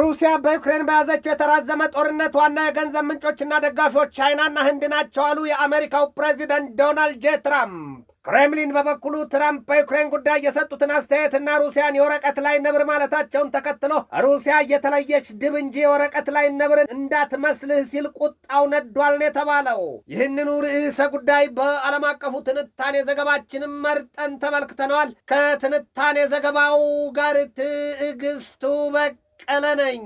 ሩሲያ በዩክሬን በያዘችው የተራዘመ ጦርነት ዋና የገንዘብ ምንጮችና ደጋፊዎች ቻይናና ህንድ ናቸው አሉ የአሜሪካው ፕሬዚደንት ዶናልድ ጄ ትራምፕ። ክሬምሊን በበኩሉ ትራምፕ በዩክሬን ጉዳይ የሰጡትን አስተያየትና ሩሲያን የወረቀት ላይ ነብር ማለታቸውን ተከትሎ ሩሲያ የተለየች ድብ እንጂ የወረቀት ላይ ነብርን እንዳትመስልህ ሲል ቁጣው ነዷል ነው የተባለው። ይህንኑ ርዕሰ ጉዳይ በዓለም አቀፉ ትንታኔ ዘገባችንም መርጠን ተመልክተነዋል። ከትንታኔ ዘገባው ጋር ትዕግስቱ በቅ ቀለነኝ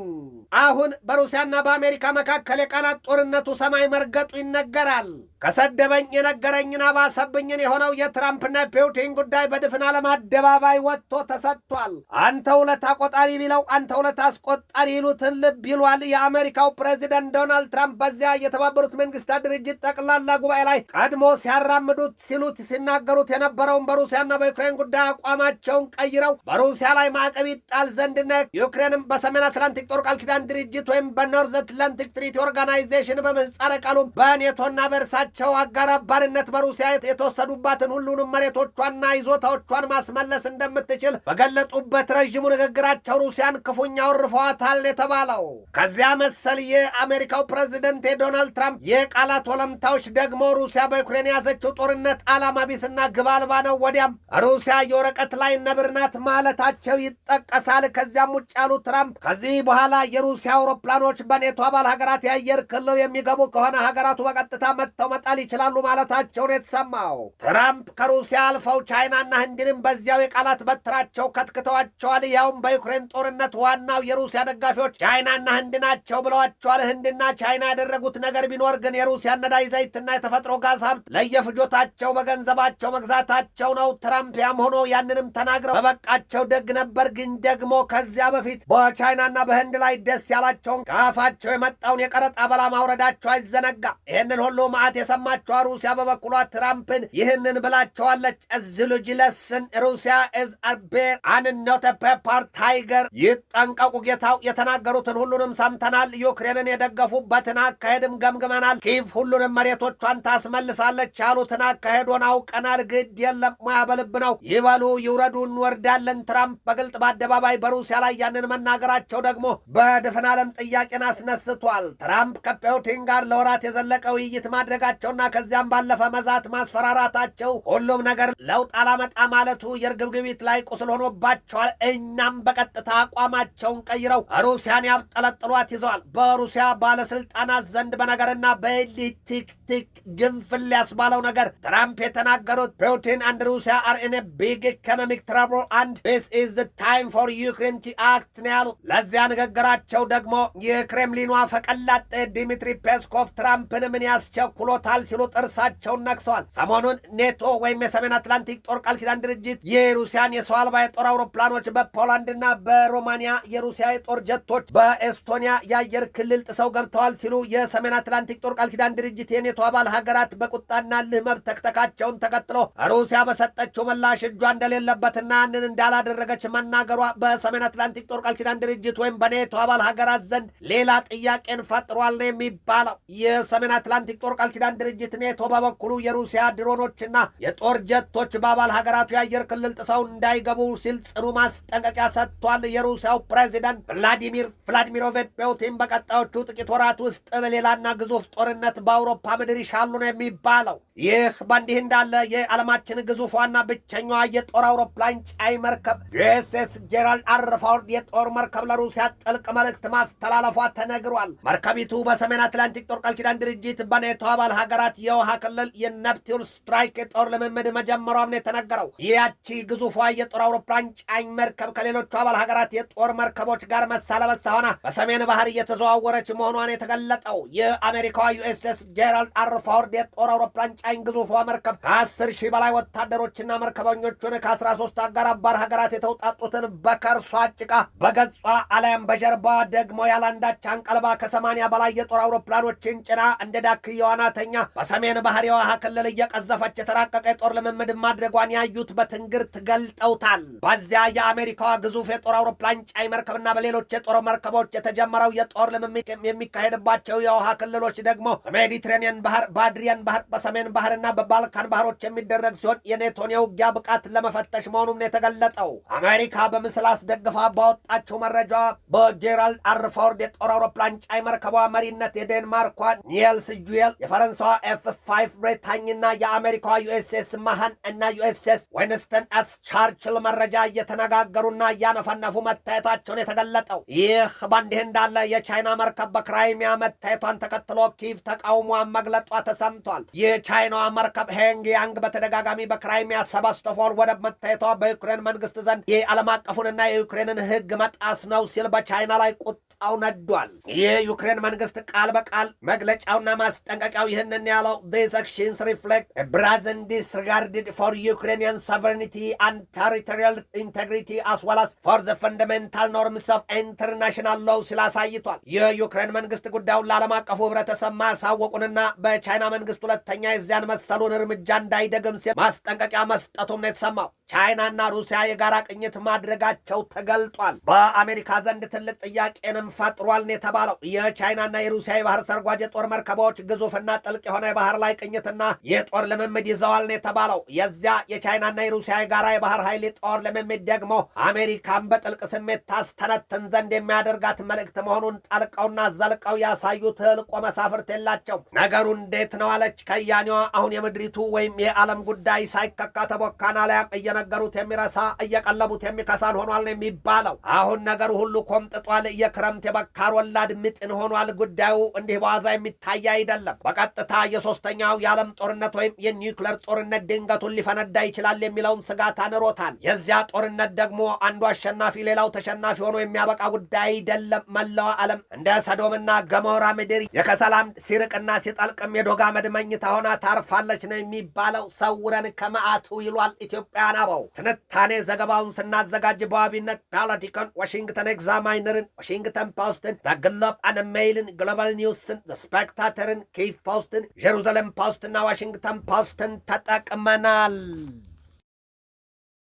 አሁን በሩሲያና በአሜሪካ መካከል የቃላት ጦርነቱ ሰማይ መርገጡ ይነገራል። ከሰደበኝ የነገረኝን አባሰብኝን የሆነው የትራምፕና የፑቲን ጉዳይ በድፍን ዓለም አደባባይ ወጥቶ ተሰጥቷል። አንተ ሁለት አቆጣሪ ቢለው አንተ ሁለት አስቆጣሪ ይሉትን ልብ ይሏል። የአሜሪካው ፕሬዚደንት ዶናልድ ትራምፕ በዚያ የተባበሩት መንግስታት ድርጅት ጠቅላላ ጉባኤ ላይ ቀድሞ ሲያራምዱት ሲሉት ሲናገሩት የነበረውን በሩሲያና በዩክሬን ጉዳይ አቋማቸውን ቀይረው በሩሲያ ላይ ማዕቀብ ይጣል ዘንድና ዩክሬንም በሰሜን አትላንቲክ ጦር ቃል ኪዳን ድርጅት ወይም በኖርዝ አትላንቲክ ትሪቲ ኦርጋናይዜሽን በምህጻረ ቃሉም በኔቶና በእርሳ በራሳቸው አጋር አባርነት በሩሲያ የተወሰዱባትን ሁሉንም መሬቶቿና ይዞታዎቿን ማስመለስ እንደምትችል በገለጡበት ረዥሙ ንግግራቸው ሩሲያን ክፉኛ ወርፈዋታል የተባለው ከዚያ መሰል የአሜሪካው ፕሬዚደንት የዶናልድ ትራምፕ የቃላት ወለምታዎች ደግሞ ሩሲያ በዩክሬን የያዘችው ጦርነት ዓላማ ቢስና ግብ አልባ ነው፣ ወዲያም ሩሲያ የወረቀት ላይ ነብር ናት ማለታቸው ይጠቀሳል። ከዚያም ውጭ ያሉ ትራምፕ ከዚህ በኋላ የሩሲያ አውሮፕላኖች በኔቶ አባል ሀገራት የአየር ክልል የሚገቡ ከሆነ ሀገራቱ በቀጥታ መጥተው መጣል ይችላሉ ማለታቸውን የተሰማው ትራምፕ ከሩሲያ አልፈው ቻይናና ህንድንም በዚያው የቃላት በትራቸው ከትክተዋቸዋል። ያውም በዩክሬን ጦርነት ዋናው የሩሲያ ደጋፊዎች ቻይናና ህንድ ናቸው ብለዋቸዋል። ህንድና ቻይና ያደረጉት ነገር ቢኖር ግን የሩሲያ ነዳጅ ዘይትና የተፈጥሮ ጋዝ ሀብት ለየፍጆታቸው በገንዘባቸው መግዛታቸው ነው። ትራምፕ ያም ሆኖ ያንንም ተናግረው በበቃቸው ደግ ነበር። ግን ደግሞ ከዚያ በፊት በቻይናና በህንድ ላይ ደስ ያላቸውን ከአፋቸው የመጣውን የቀረጥ አበላ ማውረዳቸው አይዘነጋ። ይህንን ሁሉ ማዕት የሰማችኋ ሩሲያ በበኩሏ ትራምፕን ይህንን ብላቸዋለች። እዚ ለስን ሩሲያ እዝ አቤር አንኖተ ፔፐር ታይገር ይጠንቀቁ። ጌታው የተናገሩትን ሁሉንም ሰምተናል። ዩክሬንን የደገፉበትን አካሄድም ገምግመናል። ኪቭ ሁሉንም መሬቶቿን ታስመልሳለች ያሉትን አካሄዶን አውቀናል። ግድ የለም ሙያ ነው። ይበሉ ይውረዱ፣ እንወርዳለን። ትራምፕ በግልጥ በአደባባይ በሩሲያ ላይ ያንን መናገራቸው ደግሞ በድፍን ዓለም ጥያቄን አስነስቷል። ትራምፕ ከፑቲን ጋር ለወራት የዘለቀ ውይይት ማድረጋቸው መናገራቸውና ከዚያም ባለፈ መዛት ማስፈራራታቸው ሁሉም ነገር ለውጥ አላመጣ ማለቱ የርግብግቢት ላይ ቁስል ሆኖባቸዋል። እኛም በቀጥታ አቋማቸውን ቀይረው ሩሲያን ያብጠለጥሏት ይዘዋል። በሩሲያ ባለስልጣናት ዘንድ በነገርና በኤሊቲክቲክ ግንፍል ያስባለው ነገር ትራምፕ የተናገሩት ፑቲን አንድ ሩሲያ አርኤን ቢግ ኢኮኖሚክ ትራብል አንድ ስ ኢዝ ታይም ፎር ዩክሬን ቲ አክት ነው ያሉት። ለዚያ ንግግራቸው ደግሞ የክሬምሊኗ ፈቀላጤ ዲሚትሪ ፔስኮቭ ትራምፕን ምን ያስቸኩሎታል ይሞታል ሲሉ ጥርሳቸውን ነክሰዋል። ሰሞኑን ኔቶ ወይም የሰሜን አትላንቲክ ጦር ቃል ኪዳን ድርጅት የሩሲያን የሰው አልባ የጦር አውሮፕላኖች በፖላንድና በሮማንያ የሩሲያ የጦር ጀቶች በኤስቶኒያ የአየር ክልል ጥሰው ገብተዋል ሲሉ የሰሜን አትላንቲክ ጦር ቃል ኪዳን ድርጅት የኔቶ አባል ሀገራት በቁጣና ልህ ተክተካቸውን ተከትሎ ሩሲያ በሰጠችው ምላሽ እጇ እንደሌለበትና ያንን እንዳላደረገች መናገሯ በሰሜን አትላንቲክ ጦር ቃል ኪዳን ድርጅት ወይም በኔቶ አባል ሀገራት ዘንድ ሌላ ጥያቄን ፈጥሯል ነው የሚባለው። የሰሜን አትላንቲክ ጦር ቃል ኪዳን ድርጅት ኔቶ በበኩሉ የሩሲያ ድሮኖችና የጦር ጀቶች በአባል ሀገራቱ የአየር ክልል ጥሰው እንዳይገቡ ሲል ጽኑ ማስጠንቀቂያ ሰጥቷል። የሩሲያው ፕሬዚደንት ቭላዲሚር ቭላዲሚሮቪች ፑቲን በቀጣዮቹ ጥቂት ወራት ውስጥ በሌላና ግዙፍ ጦርነት በአውሮፓ ምድር ይሻሉ ነው የሚባለው። ይህ በእንዲህ እንዳለ የዓለማችን ግዙፍ ዋና ብቸኛዋ የጦር አውሮፕላን ጫይ መርከብ ዩኤስኤስ ጄራልድ አር ፎርድ የጦር መርከብ ለሩሲያ ጥልቅ መልእክት ማስተላለፏ ተነግሯል። መርከቢቱ በሰሜን አትላንቲክ ጦር ቃል ኪዳን ድርጅት በኔቶ አባል ሀገራት የውሃ ክልል የኔፕቲዩን ስትራይክ የጦር ልምምድ መጀመሯም ነው የተነገረው። ያቺ ግዙፏ የጦር አውሮፕላን ጫኝ መርከብ ከሌሎቹ አባል ሀገራት የጦር መርከቦች ጋር መሳ ለመሳ ሆና በሰሜን ባህር እየተዘዋወረች መሆኗን የተገለጠው የአሜሪካዋ ዩኤስኤስ ጄራልድ አር ፎርድ የጦር አውሮፕላን ጫኝ ግዙፏ መርከብ ከአስር ሺህ በላይ ወታደሮችና መርከበኞቹን ከአስራ ሶስት አጋር አባል ሀገራት የተውጣጡትን በከርሷ ጭቃ በገጿ አላያም በጀርባ ደግሞ ያላንዳች አንቀልባ ከሰማንያ በላይ የጦር አውሮፕላኖችን ጭና እንደ ዳክየዋና ሁለተኛ በሰሜን ባህር የውሃ ክልል እየቀዘፈች የተራቀቀ የጦር ልምምድ ማድረጓን ያዩት በትንግርት ገልጠውታል። በዚያ የአሜሪካዋ ግዙፍ የጦር አውሮፕላን ጫይ መርከብና በሌሎች የጦር መርከቦች የተጀመረው የጦር ልምምድ የሚካሄድባቸው የውሃ ክልሎች ደግሞ በሜዲትሬኒየን ባህር፣ በአድሪያን ባህር፣ በሰሜን ባህርና በባልካን ባህሮች የሚደረግ ሲሆን የኔቶን የውጊያ ብቃት ለመፈተሽ መሆኑን የተገለጠው አሜሪካ በምስል አስደግፋ ባወጣቸው መረጃ በጄራልድ አርፎርድ የጦር አውሮፕላን ጫይ መርከቧ መሪነት የዴንማርኳ ኒየልስ ጁዌል የፈረንሳ የፈረንሳዋ ኤፍ ፋይቭ ብሬታኝና የአሜሪካዋ ዩኤስኤስ መሃን እና ዩኤስኤስ ዊንስተን ኤስ ቻርችል መረጃ እየተነጋገሩና እያነፈነፉ መታየታቸውን የተገለጠው። ይህ በእንዲህ እንዳለ የቻይና መርከብ በክራይሚያ መታየቷን ተከትሎ ኪቭ ተቃውሟን መግለጧ ተሰምቷል። የቻይናዋ መርከብ ሄንግ ያንግ በተደጋጋሚ በክራይሚያ ሰባስቶፖል ወደብ መታየቷ በዩክሬን መንግስት ዘንድ የዓለም አቀፉንና የዩክሬንን ሕግ መጣስ ነው ሲል በቻይና ላይ ቁጣው ነዷል። የዩክሬን መንግስት ቃል በቃል መግለጫውና ማስጠንቀቂያው ይህን ምንድን ያለው ዲስ አክሽንስ ሪፍሌክት ብራዘን ዲስሪጋርድ ፎር ዩክሬኒያን ሶቨርኒቲ አንድ ቴሪቶሪያል ኢንቴግሪቲ አስዋላስ ፎር ዘ ፈንዳሜንታል ኖርምስ ኦፍ ኢንተርናሽናል ሎው ስላሳይቷል። የዩክሬን መንግስት ጉዳዩን ለዓለም አቀፉ ህብረተሰብ ማሳወቁንና በቻይና መንግስት ሁለተኛ የዚያን መሰሉን እርምጃ እንዳይደግም ሲል ማስጠንቀቂያ መስጠቱም ነው የተሰማው። ቻይናና ሩሲያ የጋራ ቅኝት ማድረጋቸው ተገልጧል። በአሜሪካ ዘንድ ትልቅ ጥያቄንም ፈጥሯል ነው የተባለው። የቻይናና የሩሲያ የባህር ሰርጓጅ የጦር መርከቦች ግዙፍና ጥልቅ የሆነ የባህር ላይ ቅኝትና የጦር ልምምድ ይዘዋል ነው የተባለው። የዚያ የቻይናና የሩሲያ የጋራ የባህር ኃይል ጦር ልምምድ ደግሞ አሜሪካን በጥልቅ ስሜት ታስተነትን ዘንድ የሚያደርጋት መልእክት መሆኑን ጠልቀውና ዘልቀው ያሳዩ ትልቆ መሳፍርት የላቸው። ነገሩ እንዴት ነው አለች ከያኔዋ። አሁን የምድሪቱ ወይም የዓለም ጉዳይ ሳይከካ ተቦካና ላያም የተነገሩት የሚረሳ እየቀለቡት የሚከሳን ሆኗል ነው የሚባለው። አሁን ነገሩ ሁሉ ኮምጥጧል። የክረምት የበካር ወላድ ምጥን ሆኗል። ጉዳዩ እንዲህ በዋዛ የሚታይ አይደለም። በቀጥታ የሶስተኛው የዓለም ጦርነት ወይም የኒውክለር ጦርነት ድንገቱን ሊፈነዳ ይችላል የሚለውን ስጋት አንሮታል። የዚያ ጦርነት ደግሞ አንዱ አሸናፊ ሌላው ተሸናፊ ሆኖ የሚያበቃ ጉዳይ አይደለም። መለዋ ዓለም እንደ ሰዶምና ገሞራ ምድር የከሰላም ሲርቅና ሲጠልቅም የዶጋ መድመኝታ ሆና ታርፋለች ነው የሚባለው። ሰውረን ከመዓቱ ይሏል ኢትዮጵያን የቀረበው። ትንታኔ ዘገባውን ስናዘጋጅ በዋቢነት ፓለቲኮን፣ ዋሽንግተን ኤግዛማይነርን፣ ዋሽንግተን ፖስትን፣ ዘግሎብ አን ሜይልን፣ ግሎባል ኒውስን፣ ስፔክታተርን፣ ኪፍ ፖስትን፣ ጀሩዛሌም ፖስትና ዋሽንግተን ፖስትን ተጠቅመናል።